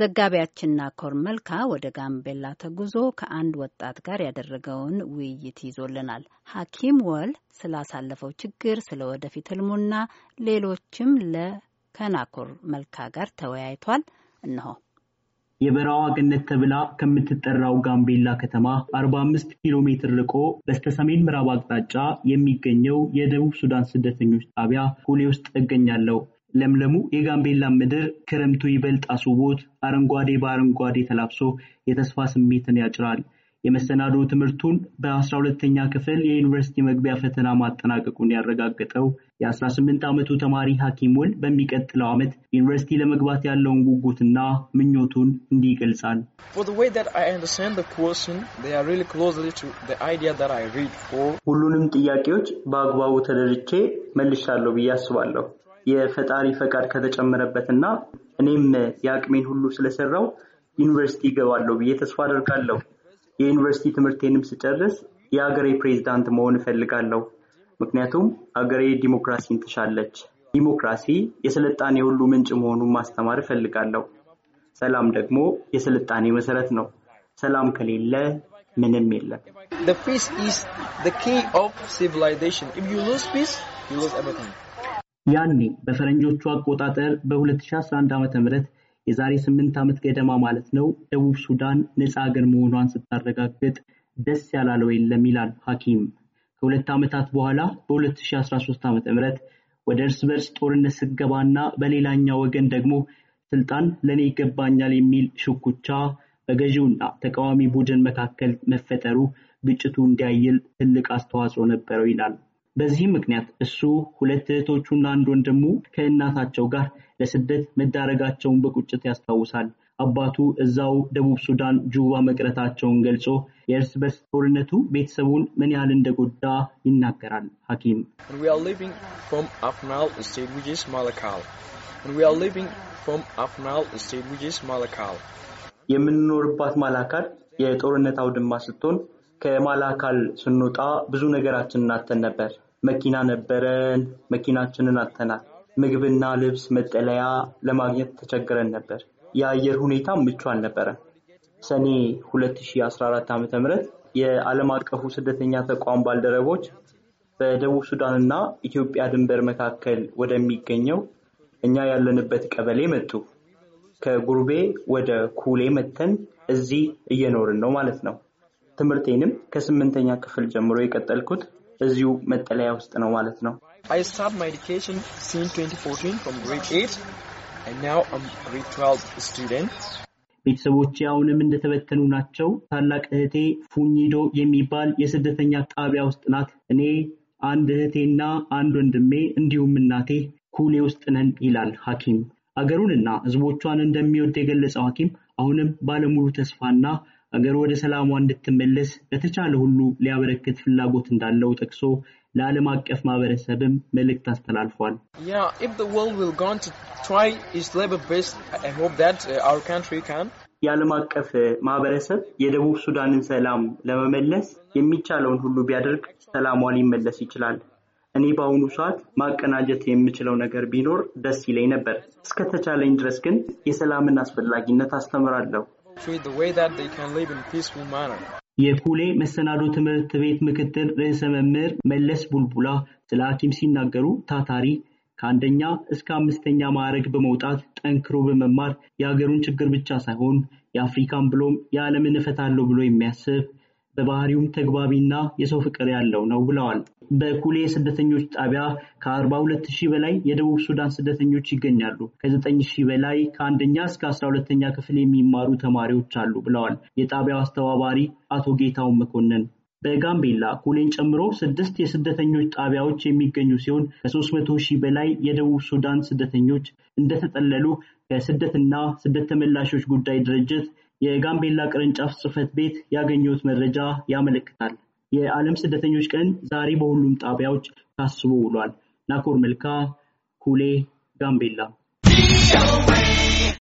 ዘጋቢያችን ናኮር መልካ ወደ ጋምቤላ ተጉዞ ከአንድ ወጣት ጋር ያደረገውን ውይይት ይዞልናል። ሐኪም ወል ስላሳለፈው ችግር፣ ስለ ወደፊት ህልሙና ሌሎችም ለከናኮር መልካ ጋር ተወያይቷል። እነሆ የበረሃዋ ገነት ተብላ ከምትጠራው ጋምቤላ ከተማ 45 ኪሎ ሜትር ርቆ በስተሰሜን ምዕራብ አቅጣጫ የሚገኘው የደቡብ ሱዳን ስደተኞች ጣቢያ ሁሌ ውስጥ እገኛለሁ። ለምለሙ የጋምቤላን ምድር ክረምቱ ይበልጥ አስውቦት አረንጓዴ በአረንጓዴ ተላብሶ የተስፋ ስሜትን ያጭራል። የመሰናዶ ትምህርቱን በ 12 ተኛ ክፍል የዩኒቨርሲቲ መግቢያ ፈተና ማጠናቀቁን ያረጋገጠው የ18 ዓመቱ ተማሪ ሐኪሙን በሚቀጥለው ዓመት ዩኒቨርሲቲ ለመግባት ያለውን ጉጉትና ምኞቱን እንዲህ ይገልጻል። ሁሉንም ጥያቄዎች በአግባቡ ተደርቼ መልሻለሁ ብዬ አስባለሁ። የፈጣሪ ፈቃድ ከተጨመረበት እና እኔም የአቅሜን ሁሉ ስለሰራው ዩኒቨርሲቲ ይገባለሁ ብዬ ተስፋ አደርጋለሁ። የዩኒቨርሲቲ ትምህርቴንም ስጨርስ የአገሬ ፕሬዚዳንት መሆን እፈልጋለሁ። ምክንያቱም አገሬ ዲሞክራሲን ትሻለች። ዲሞክራሲ የስልጣኔ ሁሉ ምንጭ መሆኑን ማስተማር እፈልጋለሁ። ሰላም ደግሞ የስልጣኔ መሰረት ነው። ሰላም ከሌለ ምንም የለም። The ያኔ በፈረንጆቹ አቆጣጠር በ2011 ም የዛሬ ስምንት ዓመት ገደማ ማለት ነው ደቡብ ሱዳን ነፃ አገር መሆኗን ስታረጋግጥ ደስ ያላለው የለም ይላል ሐኪም። ከሁለት ዓመታት በኋላ በ2013 ዓ.ም ወደ እርስ በርስ ጦርነት ስገባና በሌላኛ ወገን ደግሞ ስልጣን ለእኔ ይገባኛል የሚል ሽኩቻ በገዢውና ተቃዋሚ ቡድን መካከል መፈጠሩ ግጭቱ እንዲያይል ትልቅ አስተዋጽኦ ነበረው ይላል በዚህም ምክንያት እሱ ሁለት እህቶቹና አንድ ወንድሙ ከእናታቸው ጋር ለስደት መዳረጋቸውን በቁጭት ያስታውሳል። አባቱ እዛው ደቡብ ሱዳን ጁባ መቅረታቸውን ገልጾ የእርስ በርስ ጦርነቱ ቤተሰቡን ምን ያህል እንደጎዳ ይናገራል። ሐኪም የምንኖርባት ማላካል የጦርነት አውድማ ስትሆን ከማላካል ስንወጣ ብዙ ነገራችንን አተን ነበር። መኪና ነበረን፣ መኪናችንን አተናል። ምግብና ልብስ፣ መጠለያ ለማግኘት ተቸግረን ነበር። የአየር ሁኔታ ምቹ አልነበረም። ሰኔ 2014 ዓ.ም የዓለም አቀፉ ስደተኛ ተቋም ባልደረቦች በደቡብ ሱዳንና ኢትዮጵያ ድንበር መካከል ወደሚገኘው እኛ ያለንበት ቀበሌ መጡ። ከጉርቤ ወደ ኩሌ መተን እዚህ እየኖርን ነው ማለት ነው። ትምህርቴንም ከስምንተኛ ክፍል ጀምሮ የቀጠልኩት እዚሁ መጠለያ ውስጥ ነው ማለት ነው። ቤተሰቦቼ አሁንም እንደተበተኑ ናቸው። ታላቅ እህቴ ፉኝዶ የሚባል የስደተኛ ጣቢያ ውስጥ ናት። እኔ አንድ እህቴና አንድ ወንድሜ እንዲሁም እናቴ ኩሌ ውስጥ ነን ይላል ሐኪም። አገሩንና ህዝቦቿን እንደሚወድ የገለጸው ሐኪም አሁንም ባለሙሉ ተስፋና አገር ወደ ሰላሟ እንድትመለስ በተቻለ ሁሉ ሊያበረክት ፍላጎት እንዳለው ጠቅሶ ለዓለም አቀፍ ማህበረሰብም መልእክት አስተላልፏል። uh, የዓለም አቀፍ uh, ማህበረሰብ የደቡብ ሱዳንን ሰላም ለመመለስ የሚቻለውን ሁሉ ቢያደርግ ሰላሟ ሊመለስ ይችላል። እኔ በአሁኑ ሰዓት ማቀናጀት የምችለው ነገር ቢኖር ደስ ይለኝ ነበር። እስከተቻለኝ ድረስ ግን የሰላምን አስፈላጊነት አስተምራለሁ። የኩሌ መሰናዶ ትምህርት ቤት ምክትል ርዕሰ መምህር መለስ ቡልቡላ ስለ ሐኪም ሲናገሩ ታታሪ ከአንደኛ እስከ አምስተኛ ማዕረግ በመውጣት ጠንክሮ በመማር የሀገሩን ችግር ብቻ ሳይሆን የአፍሪካን ብሎም የዓለምን እፈታለሁ ብሎ የሚያስብ በባህሪውም ተግባቢና የሰው ፍቅር ያለው ነው ብለዋል። በኩሌ ስደተኞች ጣቢያ ከ42 ሺህ በላይ የደቡብ ሱዳን ስደተኞች ይገኛሉ። ከ9 ሺህ በላይ ከአንደኛ እስከ 12 ተኛ ክፍል የሚማሩ ተማሪዎች አሉ ብለዋል የጣቢያው አስተባባሪ አቶ ጌታው መኮንን። በጋምቤላ ኩሌን ጨምሮ ስድስት የስደተኞች ጣቢያዎች የሚገኙ ሲሆን ከ300 ሺህ በላይ የደቡብ ሱዳን ስደተኞች እንደተጠለሉ ከስደትና ስደት ተመላሾች ጉዳይ ድርጅት የጋምቤላ ቅርንጫፍ ጽፈት ቤት ያገኘሁት መረጃ ያመለክታል። የዓለም ስደተኞች ቀን ዛሬ በሁሉም ጣቢያዎች ታስቦ ውሏል። ናኮር መልካ፣ ኩሌ፣ ጋምቤላ